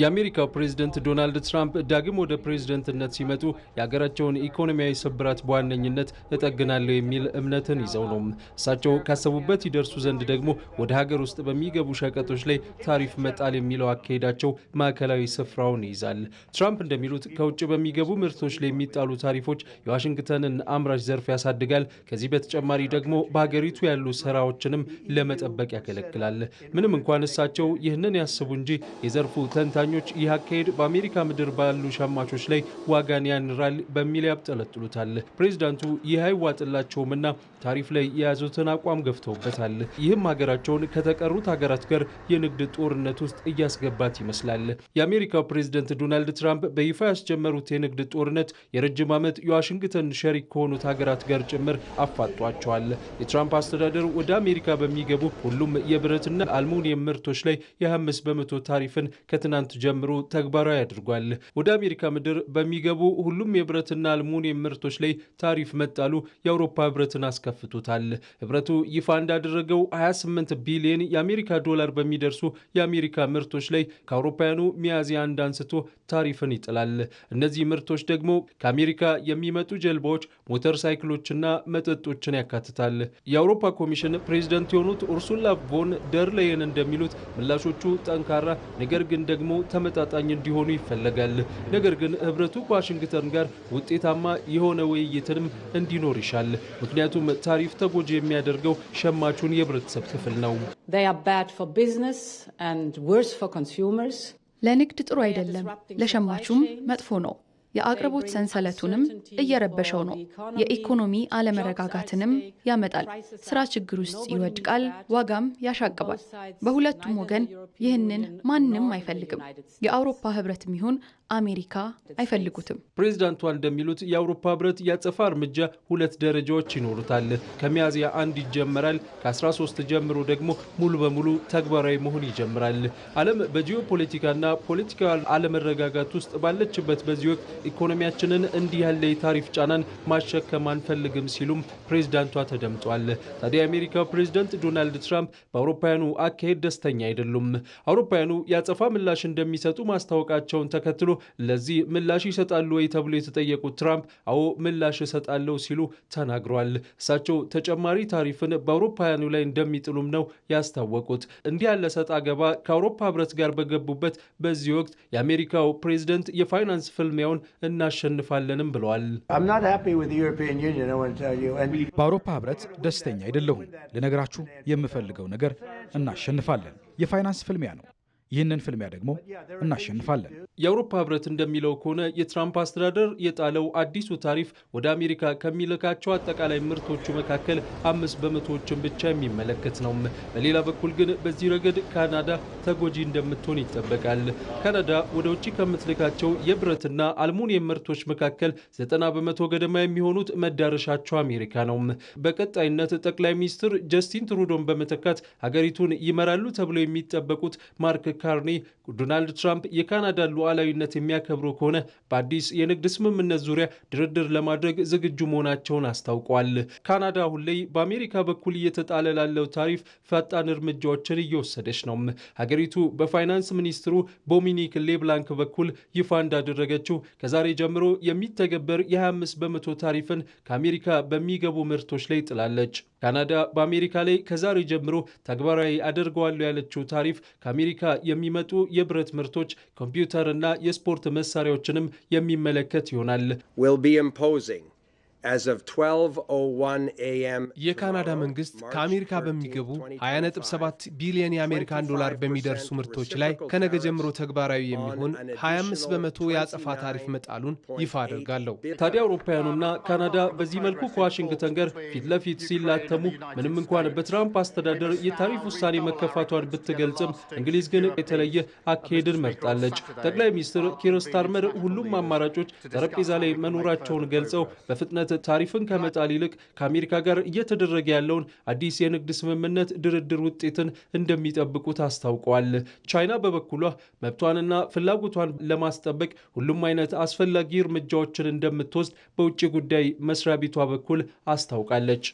የአሜሪካው ፕሬዝደንት ዶናልድ ትራምፕ ዳግም ወደ ፕሬዝደንትነት ሲመጡ የሀገራቸውን ኢኮኖሚያዊ ስብራት በዋነኝነት እጠግናለሁ የሚል እምነትን ይዘው ነው። እሳቸው ካሰቡበት ይደርሱ ዘንድ ደግሞ ወደ ሀገር ውስጥ በሚገቡ ሸቀጦች ላይ ታሪፍ መጣል የሚለው አካሄዳቸው ማዕከላዊ ስፍራውን ይይዛል። ትራምፕ እንደሚሉት ከውጭ በሚገቡ ምርቶች ላይ የሚጣሉ ታሪፎች የዋሽንግተንን አምራች ዘርፍ ያሳድጋል። ከዚህ በተጨማሪ ደግሞ በሀገሪቱ ያሉ ስራዎችንም ለመጠበቅ ያገለግላል። ምንም እንኳን እሳቸው ይህንን ያስቡ እንጂ የዘርፍ የዘርፉ ተንታኞች ይህ አካሄድ በአሜሪካ ምድር ባሉ ሸማቾች ላይ ዋጋን ያንራል በሚል ያብጠለጥሉታል። ፕሬዚዳንቱ ይህ አይዋጥላቸውም እና ታሪፍ ላይ የያዙትን አቋም ገፍተውበታል። ይህም ሀገራቸውን ከተቀሩት ሀገራት ጋር የንግድ ጦርነት ውስጥ እያስገባት ይመስላል። የአሜሪካው ፕሬዚደንት ዶናልድ ትራምፕ በይፋ ያስጀመሩት የንግድ ጦርነት የረጅም ዓመት የዋሽንግተን ሸሪክ ከሆኑት ሀገራት ጋር ጭምር አፋጧቸዋል። የትራምፕ አስተዳደር ወደ አሜሪካ በሚገቡ ሁሉም የብረትና አልሙኒየም ምርቶች ላይ የ25 በመቶ ታሪፍን ከትናንት ጀምሮ ተግባራዊ አድርጓል። ወደ አሜሪካ ምድር በሚገቡ ሁሉም የብረትና አልሙኒየም ምርቶች ላይ ታሪፍ መጣሉ የአውሮፓ ህብረትን አስከፍቶታል። ህብረቱ ይፋ እንዳደረገው 28 ቢሊዮን የአሜሪካ ዶላር በሚደርሱ የአሜሪካ ምርቶች ላይ ከአውሮፓውያኑ ሚያዝያ አንድ አንስቶ ታሪፍን ይጥላል። እነዚህ ምርቶች ደግሞ ከአሜሪካ የሚመጡ ጀልባዎች፣ ሞተር ሳይክሎችና መጠጦችን ያካትታል። የአውሮፓ ኮሚሽን ፕሬዚደንት የሆኑት ኡርሱላ ቮን ደር እንደሚሉት ምላሾቹ ጠንካራ ነገር ግን ደግሞ ተመጣጣኝ እንዲሆኑ ይፈለጋል። ነገር ግን ህብረቱ ከዋሽንግተን ጋር ውጤታማ የሆነ ውይይትንም እንዲኖር ይሻል። ምክንያቱም ታሪፍ ተጎጂ የሚያደርገው ሸማቹን የህብረተሰብ ክፍል ነው። ለንግድ ጥሩ አይደለም፣ ለሸማቹም መጥፎ ነው። የአቅርቦት ሰንሰለቱንም እየረበሸው ነው። የኢኮኖሚ አለመረጋጋትንም ያመጣል። ስራ ችግር ውስጥ ይወድቃል፣ ዋጋም ያሻቅባል። በሁለቱም ወገን ይህንን ማንም አይፈልግም። የአውሮፓ ህብረትም ይሁን አሜሪካ አይፈልጉትም። ፕሬዚዳንቷ እንደሚሉት የአውሮፓ ህብረት ያጸፋ እርምጃ ሁለት ደረጃዎች ይኖሩታል። ከሚያዝያ አንድ ይጀመራል። ከ13 ጀምሮ ደግሞ ሙሉ በሙሉ ተግባራዊ መሆን ይጀምራል። ዓለም በጂኦፖለቲካና ፖለቲካ አለመረጋጋት ውስጥ ባለችበት በዚህ ወቅት ኢኮኖሚያችንን እንዲህ ያለ የታሪፍ ጫናን ማሸከም አንፈልግም ሲሉም ፕሬዚዳንቷ ተደምጧል። ታዲያ የአሜሪካው ፕሬዚዳንት ዶናልድ ትራምፕ በአውሮፓውያኑ አካሄድ ደስተኛ አይደሉም። አውሮፓውያኑ የአጸፋ ምላሽ እንደሚሰጡ ማስታወቃቸውን ተከትሎ ለዚህ ምላሽ ይሰጣሉ ወይ ተብሎ የተጠየቁት ትራምፕ አዎ ምላሽ እሰጣለሁ ሲሉ ተናግሯል። እሳቸው ተጨማሪ ታሪፍን በአውሮፓውያኑ ላይ እንደሚጥሉም ነው ያስታወቁት። እንዲህ ያለ ሰጥ አገባ ከአውሮፓ ህብረት ጋር በገቡበት በዚህ ወቅት የአሜሪካው ፕሬዝደንት የፋይናንስ ፍልሚያውን እናሸንፋለንም ብለዋል። በአውሮፓ ህብረት ደስተኛ አይደለሁም። ልነግራችሁ የምፈልገው ነገር እናሸንፋለን። የፋይናንስ ፍልሚያ ነው። ይህንን ፍልሚያ ደግሞ እናሸንፋለን። የአውሮፓ ህብረት እንደሚለው ከሆነ የትራምፕ አስተዳደር የጣለው አዲሱ ታሪፍ ወደ አሜሪካ ከሚልካቸው አጠቃላይ ምርቶቹ መካከል አምስት በመቶዎችን ብቻ የሚመለከት ነው። በሌላ በኩል ግን በዚህ ረገድ ካናዳ ተጎጂ እንደምትሆን ይጠበቃል። ካናዳ ወደ ውጭ ከምትልካቸው የብረትና አልሙኒየም ምርቶች መካከል ዘጠና በመቶ ገደማ የሚሆኑት መዳረሻቸው አሜሪካ ነው። በቀጣይነት ጠቅላይ ሚኒስትር ጀስቲን ትሩዶን በመተካት ሀገሪቱን ይመራሉ ተብለው የሚጠበቁት ማርክ ካርኔ ዶናልድ ትራምፕ የካናዳን ሉዓላዊነት የሚያከብሩ ከሆነ በአዲስ የንግድ ስምምነት ዙሪያ ድርድር ለማድረግ ዝግጁ መሆናቸውን አስታውቋል። ካናዳ አሁን ላይ በአሜሪካ በኩል እየተጣለ ላለው ታሪፍ ፈጣን እርምጃዎችን እየወሰደች ነው። ሀገሪቱ በፋይናንስ ሚኒስትሩ ዶሚኒክ ሌብላንክ በኩል ይፋ እንዳደረገችው ከዛሬ ጀምሮ የሚተገበር የ25 በመቶ ታሪፍን ከአሜሪካ በሚገቡ ምርቶች ላይ ጥላለች። ካናዳ በአሜሪካ ላይ ከዛሬ ጀምሮ ተግባራዊ አደርገዋለሁ ያለችው ታሪፍ ከአሜሪካ የሚመጡ የብረት ምርቶች፣ ኮምፒውተርና የስፖርት መሳሪያዎችንም የሚመለከት ይሆናል። Oh የካናዳ መንግስት ከአሜሪካ በሚገቡ 27 ቢሊዮን የአሜሪካን ዶላር በሚደርሱ ምርቶች ላይ ከነገ ጀምሮ ተግባራዊ የሚሆን 25 በመቶ የአጸፋ ታሪፍ መጣሉን ይፋ አድርጋለሁ። ታዲያ አውሮፓውያኑና ካናዳ በዚህ መልኩ ከዋሽንግተን ጋር ፊት ለፊት ሲላተሙ ምንም እንኳን በትራምፕ አስተዳደር የታሪፍ ውሳኔ መከፋቷን ብትገልጽም፣ እንግሊዝ ግን የተለየ አካሄድን መርጣለች። ጠቅላይ ሚኒስትር ኪር ስታርመር ሁሉም አማራጮች ጠረጴዛ ላይ መኖራቸውን ገልጸው በፍጥነት ታሪፍን ከመጣል ይልቅ ከአሜሪካ ጋር እየተደረገ ያለውን አዲስ የንግድ ስምምነት ድርድር ውጤትን እንደሚጠብቁት አስታውቀዋል። ቻይና በበኩሏ መብቷንና ፍላጎቷን ለማስጠበቅ ሁሉም አይነት አስፈላጊ እርምጃዎችን እንደምትወስድ በውጭ ጉዳይ መስሪያ ቤቷ በኩል አስታውቃለች።